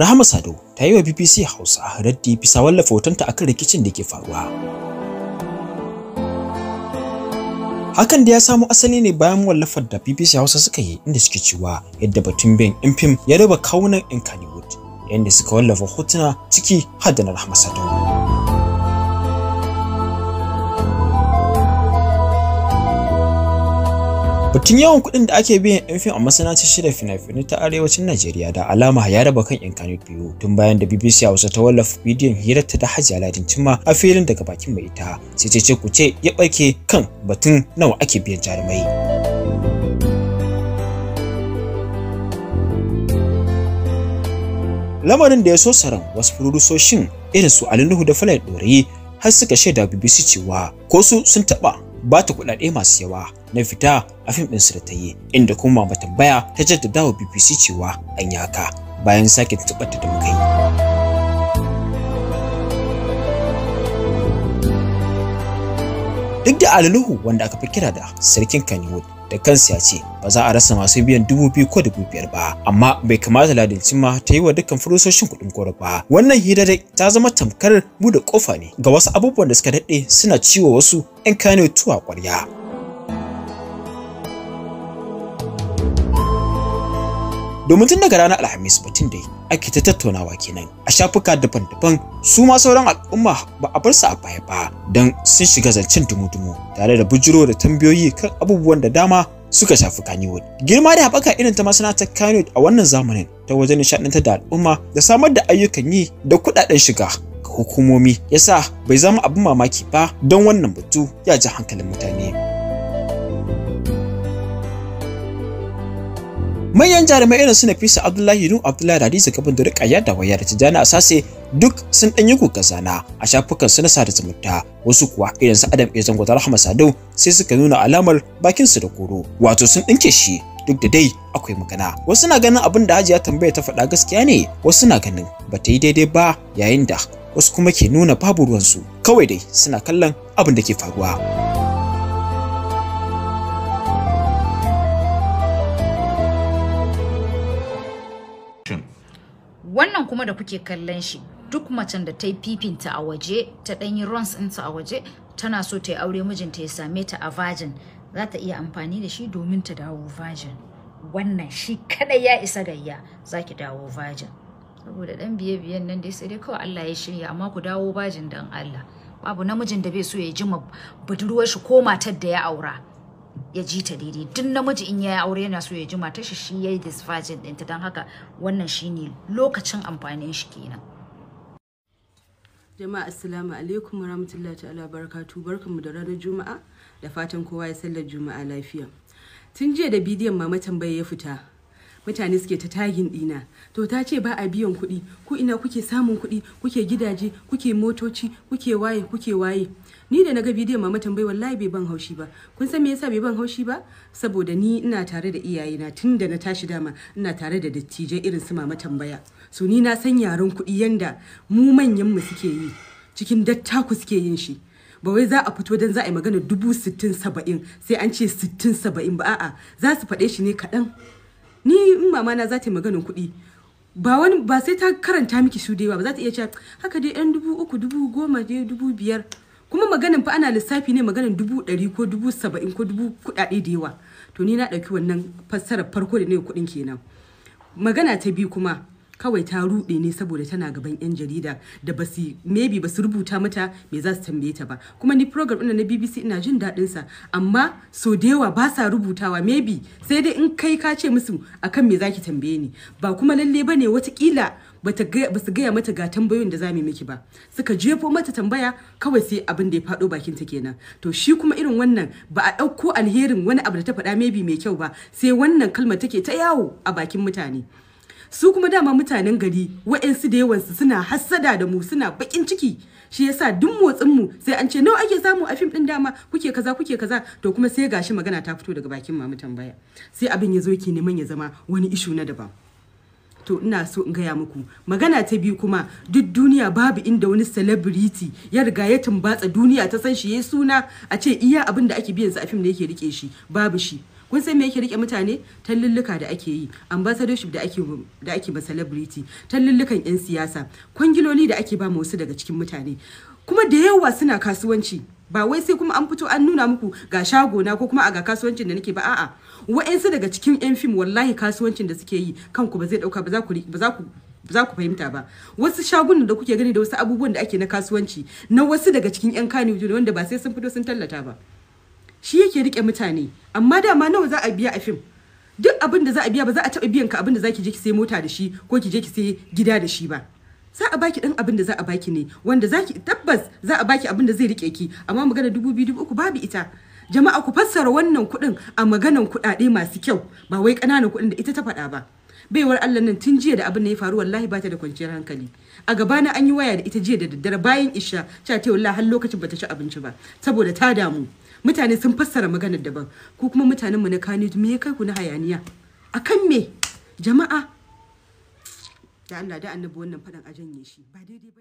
Rahama Sado ta yi wa BBC Hausa raddi bisa wallafa hotonta akan rikicin da ke faruwa. Hakan da ya samo asali ne bayan wallafar da BBC Hausa suka yi inda suke cewa yadda batun bin fim ya raba kaunan 'yan kaliwood yadda suka wallafa hotuna ciki har da na Rahama Sado. batun yawan kuɗin da ake biyan 'yan fim a masana'antar shirya fina-finai ta arewacin Najeriya da alama ya raba kan 'yan kanu biyu tun bayan da BBC Hausa ta wallafa bidiyon hirarta da Hajiya Ladin Cimma a filin daga bakin mai ita sai ce ku ce ya ɓarke kan batun nawa ake biyan jarumai. Lamarin da ya so saran wasu furusoshin irin su Ali Nuhu da Falai Ɗore har suka shaida BBC cewa ko su sun taɓa ba ta kuɗaɗe masu yawa na fita a fim ɗinsu da ta inda kuma ba tambaya ta jaddada wa bbc cewa an yaka, bayan sake tabbata da muka duk da aliluhu wanda aka fi kira da sarkin kannywood da kansa ya ce ba za a rasa masu biyan dubu biyu ko dubu biyar ba amma bai kamata ladin ma ta yi wa dukkan furusoshin kuɗin goro ba wannan hira dai ta zama tamkar buɗe ƙofa ne ga wasu abubuwan da suka daɗe suna ciwo wasu 'yan kane tuwa ƙwarya. domin tun daga ranar alhamis mutum dai ake ta tattaunawa kenan a shafuka daban-daban su ma sauran al'umma ba a bar su a baya ba don sun shiga zancen dumu-dumu tare da bujiro da tambayoyi kan abubuwan da dama suka shafi Kannywood. Girma da haɓaka irin ta masana'antar Kannywood a wannan zamanin ta wajen nishaɗantar da al'umma da samar da ayyukan yi da kuɗaɗen shiga ga hukumomi yasa bai zama abin mamaki ba don wannan batu ya ji hankalin mutane. manyan jarumai irin su Nafisa Abdullahi Nuhu Abdullahi Hadiza Kabin da Rukayya da Wayar Tijjani Asase duk sun ɗan yi zana a shafukan su na sada zumunta wasu kuwa irin su Adam Ezan Gwada Rahama Sadau sai suka nuna alamar bakin su da koro wato sun dinke shi duk da dai akwai magana wasu na ganin abin da Hajiya tambaya ta faɗa gaskiya ne wasu na ganin ba ta yi daidai ba yayin da wasu kuma ke nuna babu ruwansu kawai dai suna kallon abin da ke faruwa. wannan kuma da kuke kallon shi duk macen da ta yi fifinta a waje ta ɗanyi runs ɗinta a waje tana so ta yi aure mijinta ya same ta a virgin za ta iya amfani da shi domin ta dawo virgin wannan shi kadai ya isa gayya za ki dawo virgin saboda ɗan biye biyen nan dai sai dai kawai Allah ya shirya amma ku dawo virgin dan Allah babu namijin da bai so ya ji budurwar shi ko matar da ya aura ya ji ta daidai duk namiji in yayi aure yana so ya ji matar shi shi yayi din ta dan haka wannan shine lokacin amfanin shi kenan jama'a assalamu alaikum warahmatullahi ta'ala barakatu barkanmu da ranar juma'a da fatan kowa ya sallar juma'a lafiya tun jiya da bidiyon mama tambaya ya fita mutane suke ta tagin dina to ta ce ba a biyan kuɗi ku ina kuke samun kuɗi kuke gidaje kuke motoci kuke waye kuke waye ni da na ga bidiyon mama tambayi wallahi bai ban haushi ba kun san me yasa bai ban haushi ba saboda ni ina tare da iyayena tun da na tashi dama ina tare da dattijai irin su mama tambaya su ni na san yaren kuɗi yanda mu manyan mu suke yi cikin dattaku suke yin shi ba wai za a fito dan za a yi magana dubu sittin saba'in sai an ce sittin saba'in ba a'a za su faɗe shi ne kaɗan ni in mama na za ta maganin kuɗi ba wani ba sai ta karanta miki su da yawa ba za ta iya cewa haka dai yan dubu uku dubu goma dai dubu biyar kuma maganin fa ana lissafi ne maganin dubu ɗari ko dubu saba'in ko dubu kuɗaɗe da yawa to ni na ɗauki wannan fassarar farko da ne kuɗin kenan magana ta biyu kuma kawai ta rude ne saboda tana gaban yan jarida da basu maybe basu rubuta mata me za su tambaye ta ba kuma ni program ina na BBC ina jin daɗin sa amma so da yawa ba sa rubutawa maybe sai dai in kai ka ce musu akan me zaki tambaye ni ba kuma lalle bane watakila ba su gaya mata ga tambayoyin da za mu miki ba suka jefo mata tambaya kawai sai abin da ya faɗo bakin ta kenan to shi kuma irin wannan ba a ɗauko alherin wani abu da ta faɗa maybe mai kyau ba sai wannan kalmar take ta yawo a bakin mutane su kuma dama mutanen gari wa'yansu da yawansu suna hassada da mu suna bakin ciki shi yasa duk motsin mu sai an ce nawa ake samu a fim din dama kuke kaza kuke kaza to kuma sai gashi magana ta fito daga bakin mamu tambaya sai abin ya zo yake neman ya zama wani ishu na daban to ina so in gaya muku magana ta biyu kuma duk duniya babu inda wani celebrity ya riga ya tumbatsa duniya ta san shi yayi suna a ce iya abin da ake biyan sa a fim da yake rike shi babu shi kun san me yake rike mutane tallulluka da ake yi ambassadorship da ake da ake ba celebrity tallullukan yan siyasa kwangiloli da ake ba wasu daga cikin mutane kuma da yawa suna kasuwanci ba wai sai kuma an fito an nuna muku ga shago na ko kuma a ga kasuwancin da nake ba a'a wa'ensu daga cikin yan fim wallahi kasuwancin da suke yi kanku ba zai dauka ba za ku ba za ku za ku fahimta ba wasu shagunan da kuke gani da wasu abubuwan da ake na kasuwanci na wasu daga cikin yan kani wanda ba sai sun fito sun tallata ba shi yake rike mutane amma dama nawa za a biya a fim duk abin da za a biya ba za a taɓa biyan ka abin da za ki je ki sai mota da shi ko ki je ki sai gida da shi ba za a baki dan abin da za a baki ne wanda za tabbas za a baki abin da zai rike ki amma magana dubu biyu dubu uku babu ita jama'a ku fassara wannan kuɗin a maganan kuɗaɗe masu kyau ba wai ƙananan kuɗin da ita ta faɗa ba baiwar Allah nan tun jiya da abin da ya faru wallahi ba ta da kwanciyar hankali a gaba na an yi waya da ita jiya da daddare bayan isha ta ce wallahi har lokacin bata ci abinci ba saboda ta damu mutane sun fassara maganar daban ko kuma mutanen mu na kani me ya kai ku na hayaniya akan me jama'a da Allah da annabi wannan fadan a janye shi ba daidai ba